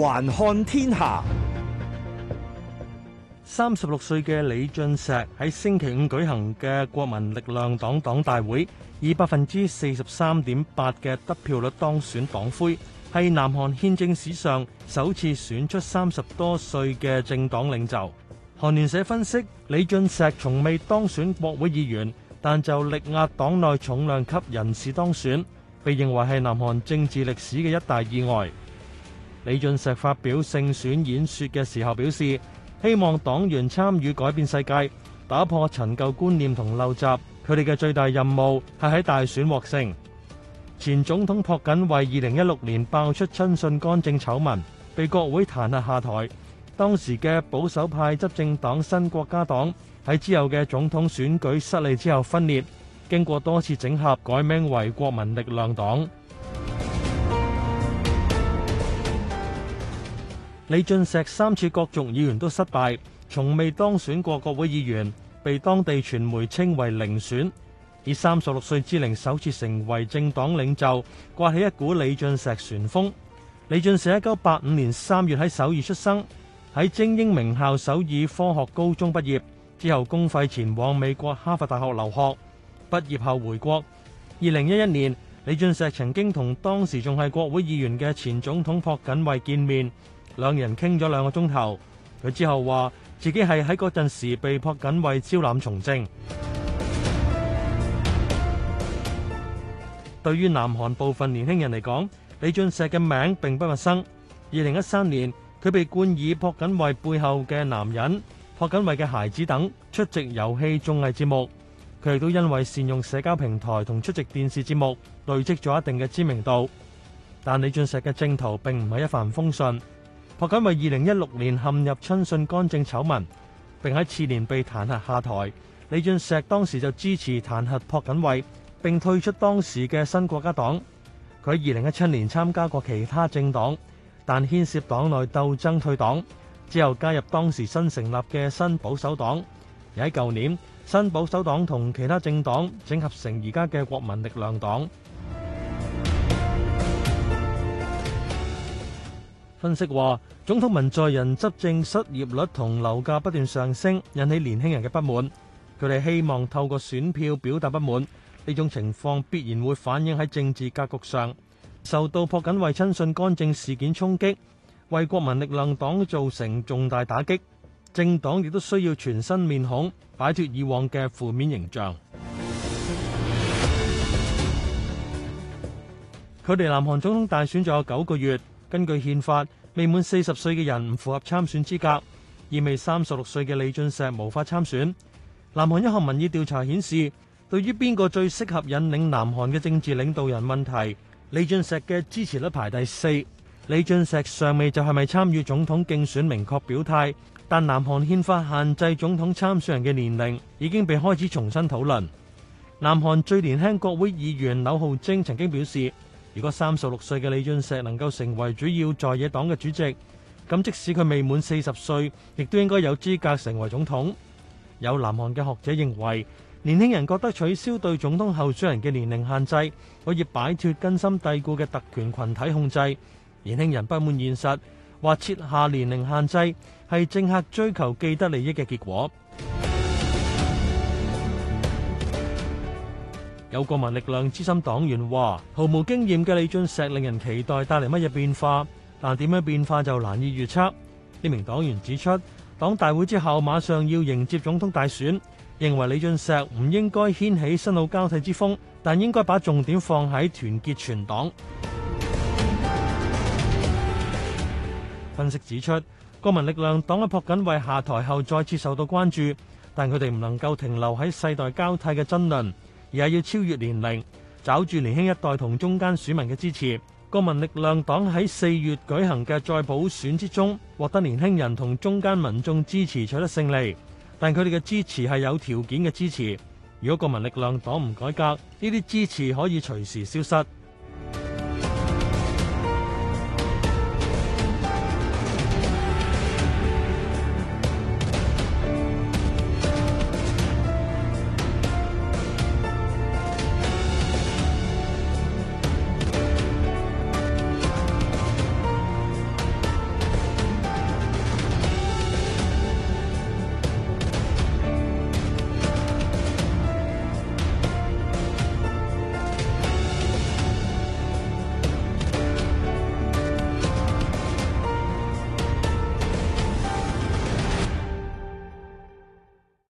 環看天下，三十六歲嘅李俊錫喺星期五舉行嘅國民力量黨黨大會以，以百分之四十三點八嘅得票率當選黨魁，係南韓憲政史上首次選出三十多歲嘅政黨領袖。韓聯社分析，李俊錫從未當選國會議員，但就力壓黨內重量級人士當選，被認為係南韓政治歷史嘅一大意外。李俊錫發表勝選演說嘅時候表示，希望黨員參與改變世界，打破陳舊觀念同陋習。佢哋嘅最大任務係喺大選獲勝。前總統朴槿惠二零一六年爆出親信干政醜聞，被國會彈劾下台。當時嘅保守派執政黨新國家黨喺之後嘅總統選舉失利之後分裂，經過多次整合，改名為國民力量黨。李俊錫三次角逐議員都失敗，從未當選過國會議員，被當地傳媒稱為零選。以三十六歲之齡首次成為政黨領袖，刮起一股李俊錫旋風。李俊錫一九八五年三月喺首爾出生，喺精英名校首爾科學高中畢業之後，公費前往美國哈佛大學留學。畢業後回國，二零一一年李俊錫曾經同當時仲係國會議員嘅前總統朴槿惠見面。兩人傾咗兩個鐘頭，佢之後話自己係喺嗰陣時被朴槿惠招攬從政。對於南韓部分年輕人嚟講，李俊錫嘅名並不陌生。二零一三年，佢被冠以朴槿惠背後嘅男人、朴槿惠嘅孩子等出席遊戲綜藝節目。佢亦都因為善用社交平台同出席電視節目，累積咗一定嘅知名度。但李俊錫嘅征途並唔係一帆風順。朴槿惠二零一六年陷入親信干政醜聞，並喺次年被彈劾下台。李俊錫當時就支持彈劾朴槿惠，並退出當時嘅新國家黨。佢喺二零一七年參加過其他政黨，但牽涉黨內鬥爭退黨，之後加入當時新成立嘅新保守黨。而喺舊年，新保守黨同其他政黨整合成而家嘅國民力量黨。分析話，總統文在寅執政失業率同樓價不斷上升，引起年輕人嘅不滿。佢哋希望透過選票表達不滿，呢種情況必然會反映喺政治格局上。受到朴槿惠親信干政事件衝擊，為國民力量黨造成重大打擊，政黨亦都需要全新面孔，擺脱以往嘅負面形象。距離南韓總統大選仲有九個月。根據憲法，未滿四十歲嘅人唔符合參選資格，而未三十六歲嘅李俊錫無法參選。南韓一項民意調查顯示，對於邊個最適合引領南韓嘅政治領導人問題，李俊錫嘅支持率排第四。李俊錫尚未就係咪參與總統競選明確表態，但南韓憲法限制總統參選人嘅年齡已經被開始重新討論。南韓最年輕國會議員柳浩貞曾經表示。如果三十六歲嘅李俊錫能夠成為主要在野黨嘅主席，咁即使佢未滿四十歲，亦都應該有資格成為總統。有南韓嘅學者認為，年輕人覺得取消對總統候選人嘅年齡限制，可以擺脫根深蒂固嘅特權群體控制。年輕人不滿現實，話設下年齡限制係政客追求既得利益嘅結果。有國民力量資深黨員話，毫無經驗嘅李俊錫令人期待帶嚟乜嘢變化，但點樣變化就難以預測。呢名黨員指出，黨大會之後馬上要迎接總統大選，認為李俊錫唔應該掀起新老交替之風，但應該把重點放喺團結全黨。分析指出，國民力量黨喺朴槿惠下台後再次受到關注，但佢哋唔能夠停留喺世代交替嘅爭論。而係要超越年齡，找住年輕一代同中間選民嘅支持。國民力量黨喺四月舉行嘅再補選之中，獲得年輕人同中間民眾支持取得勝利。但佢哋嘅支持係有條件嘅支持。如果國民力量黨唔改革，呢啲支持可以隨時消失。